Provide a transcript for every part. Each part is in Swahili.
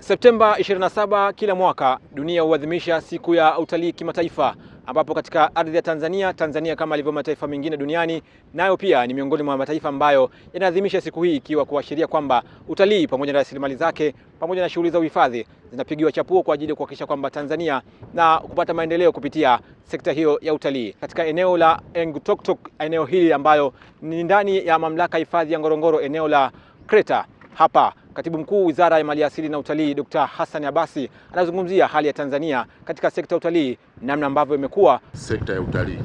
Septemba 27 kila mwaka dunia huadhimisha siku ya utalii kimataifa, ambapo katika ardhi ya Tanzania, Tanzania kama ilivyo mataifa mengine duniani, nayo pia ni miongoni mwa mataifa ambayo yanaadhimisha siku hii, ikiwa kuashiria kwamba utalii pamoja na rasilimali zake pamoja na shughuli za uhifadhi zinapigiwa chapuo kwa ajili ya kuhakikisha kwamba Tanzania na kupata maendeleo kupitia sekta hiyo ya utalii. Katika eneo la Engutoktok, eneo hili ambayo ni ndani ya mamlaka hifadhi ya Ngorongoro, eneo la Kreta hapa katibu mkuu wizara ya maliasili na utalii Dr. Hassan Abasi anazungumzia hali ya Tanzania katika sekta ya utalii, namna ambavyo imekuwa sekta ya utalii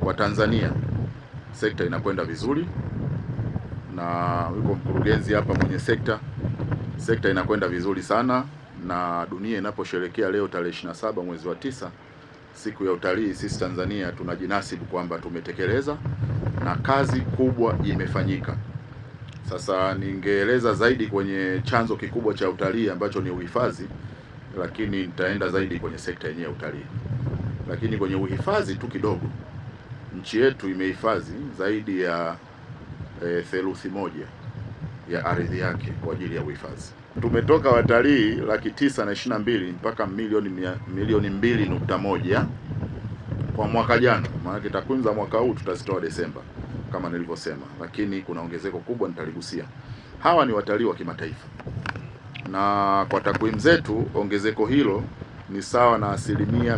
kwa Tanzania. Sekta inakwenda vizuri na yuko mkurugenzi hapa mwenye sekta. Sekta inakwenda vizuri sana, na dunia inaposherekea leo tarehe 27 mwezi wa tisa siku ya utalii, sisi Tanzania tunajinasibu kwamba tumetekeleza na kazi kubwa imefanyika. Sasa ningeeleza zaidi kwenye chanzo kikubwa cha utalii ambacho ni uhifadhi, lakini nitaenda zaidi kwenye sekta yenyewe ya utalii. Lakini kwenye uhifadhi tu kidogo, nchi yetu imehifadhi zaidi ya e, theluthi moja ya ardhi yake kwa ajili ya uhifadhi. Tumetoka watalii laki tisa na ishirini na mbili mpaka milioni mia, milioni mbili nukta moja kwa mwaka jana, maanake takwimu za mwaka huu tutazitoa Desemba kama nilivyosema, lakini kuna ongezeko kubwa nitaligusia. Hawa ni watalii wa kimataifa, na kwa takwimu zetu ongezeko hilo ni sawa na asilimia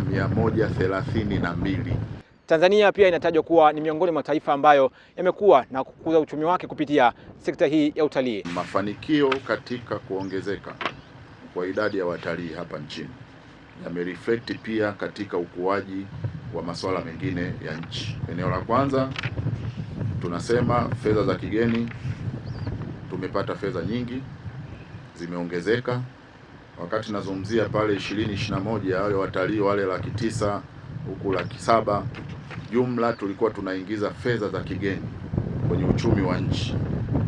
na mbili Tanzania pia inatajwa kuwa ni miongoni mwa mataifa ambayo yamekuwa na kukuza uchumi wake kupitia sekta hii ya utalii. Mafanikio katika kuongezeka kwa idadi ya watalii hapa nchini yamereflect pia katika ukuaji wa masuala mengine ya nchi. Eneo la kwanza tunasema fedha za kigeni, tumepata fedha nyingi zimeongezeka. Wakati nazungumzia pale ishirini ishirini na moja wale watalii wale laki tisa huku laki saba jumla tulikuwa tunaingiza fedha za kigeni kwenye uchumi wa nchi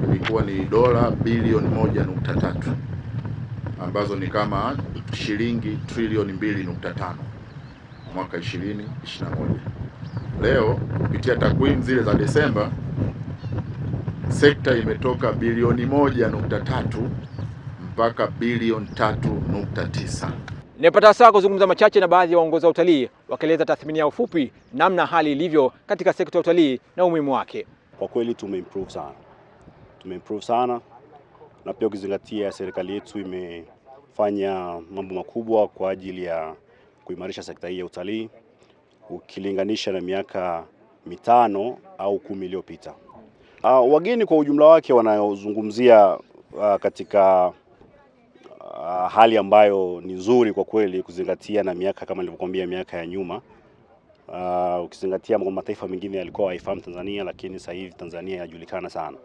ilikuwa ni dola bilioni moja nukta tatu ambazo ni kama shilingi trilioni mbili nukta tano mwaka ishirini ishirini na moja. Leo kupitia takwimu zile za Desemba sekta imetoka bilioni moja nukta tatu mpaka bilioni tatu nukta tisa. Nimepata saa kuzungumza machache na baadhi ya waongozi wa utalii wakieleza tathmini ya ufupi namna hali ilivyo katika sekta ya utalii na umuhimu wake. Kwa kweli tumeimprove sana, tumeimprove sana, na pia ukizingatia serikali yetu imefanya mambo makubwa kwa ajili ya kuimarisha sekta hii ya utalii ukilinganisha na miaka mitano au kumi iliyopita. Uh, wageni kwa ujumla wake wanayozungumzia uh, ah, katika uh, hali ambayo ni nzuri kwa kweli, kuzingatia na miaka kama nilivyokuambia miaka ya nyuma uh, ukizingatia mataifa mengine yalikuwa haifahamu Tanzania, lakini sasa hivi Tanzania inajulikana sana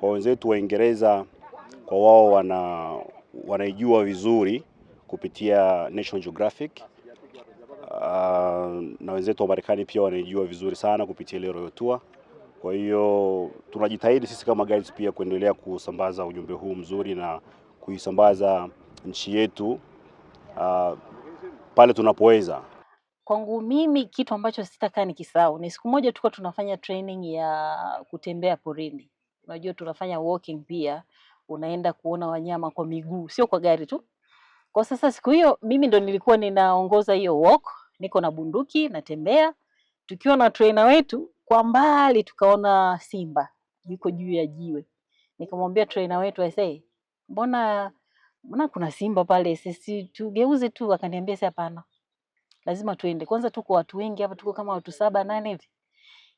kwa wenzetu Waingereza. Kwa wao wana wanaijua vizuri kupitia National Geographic uh, na wenzetu wa Marekani pia wanaijua vizuri sana kupitia ile Royal Tour. Kwa hiyo tunajitahidi sisi kama guides pia kuendelea kusambaza ujumbe huu mzuri na kuisambaza nchi yetu uh, pale tunapoweza. Kwangu mimi kitu ambacho sitakaa nikisahau ni siku moja tulikuwa tunafanya training ya kutembea porini. Unajua tunafanya walking pia, unaenda kuona wanyama kwa miguu, sio kwa gari tu. Kwa sasa siku hiyo mimi ndo nilikuwa ninaongoza hiyo walk, niko na bunduki natembea, tukiwa na trainer wetu kwa mbali tukaona simba yuko juu ya jiwe, nikamwambia trainer wetu aisee, mbona mbona kuna simba pale, sisi tugeuze tu. Akaniambia si hapana, lazima tuende. Kwanza tuko watu wengi hapa, tuko kama watu saba nane hivi,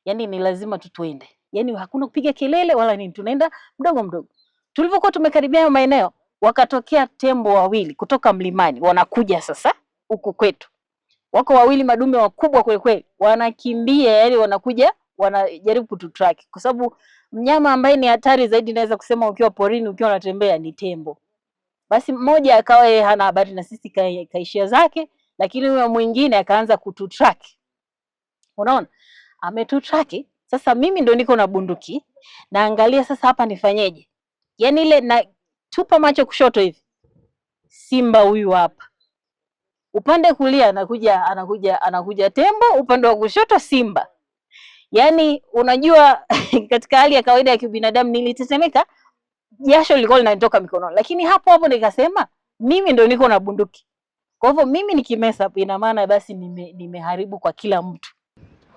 yani ni lazima tu tuende, yani hakuna kupiga kelele wala nini, tunaenda mdogo mdogo. Tulivyokuwa tumekaribia hayo maeneo, wakatokea tembo wawili kutoka mlimani, wanakuja sasa huku kwetu, wako wawili madume wakubwa kweli kweli, wanakimbia yani wanakuja wanajaribu kututrack, kwa sababu mnyama ambaye ni hatari zaidi naweza kusema ukiwa porini, ukiwa unatembea ni tembo. Basi mmoja akawa yeye hana habari na sisi, kaishia zake, lakini huyo mwingine akaanza kututrack. Unaona, ametutrack sasa. Mimi ndo niko na bunduki, naangalia sasa hapa nifanyeje? Yaani ile na tupa macho kushoto hivi, simba huyu hapa upande kulia anakuja anakuja anakuja tembo, upande wa kushoto simba. Yaani unajua katika hali ya kawaida ya kibinadamu nilitetemeka, jasho lilikuwa linatoka mikononi, lakini hapo hapo nikasema mimi ndo niko na bunduki. Kwa hivyo mimi nikimesa, ina maana basi nime, nimeharibu kwa kila mtu.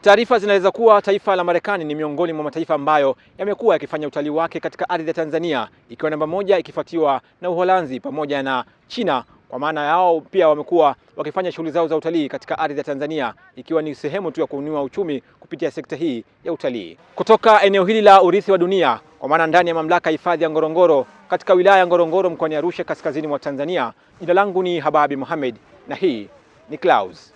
Taarifa zinaweza kuwa taifa la Marekani ni miongoni mwa mataifa ambayo yamekuwa yakifanya utalii wake katika ardhi ya Tanzania, ikiwa namba moja ikifuatiwa na Uholanzi pamoja na China kwa maana yao pia wamekuwa wakifanya shughuli zao za utalii katika ardhi ya Tanzania, ikiwa ni sehemu tu ya kuinua uchumi kupitia sekta hii ya utalii. Kutoka eneo hili la urithi wa dunia, kwa maana ndani ya mamlaka ya hifadhi ya Ngorongoro katika wilaya ya Ngorongoro mkoani Arusha, kaskazini mwa Tanzania, jina langu ni Hababi Mohamed na hii ni Clouds.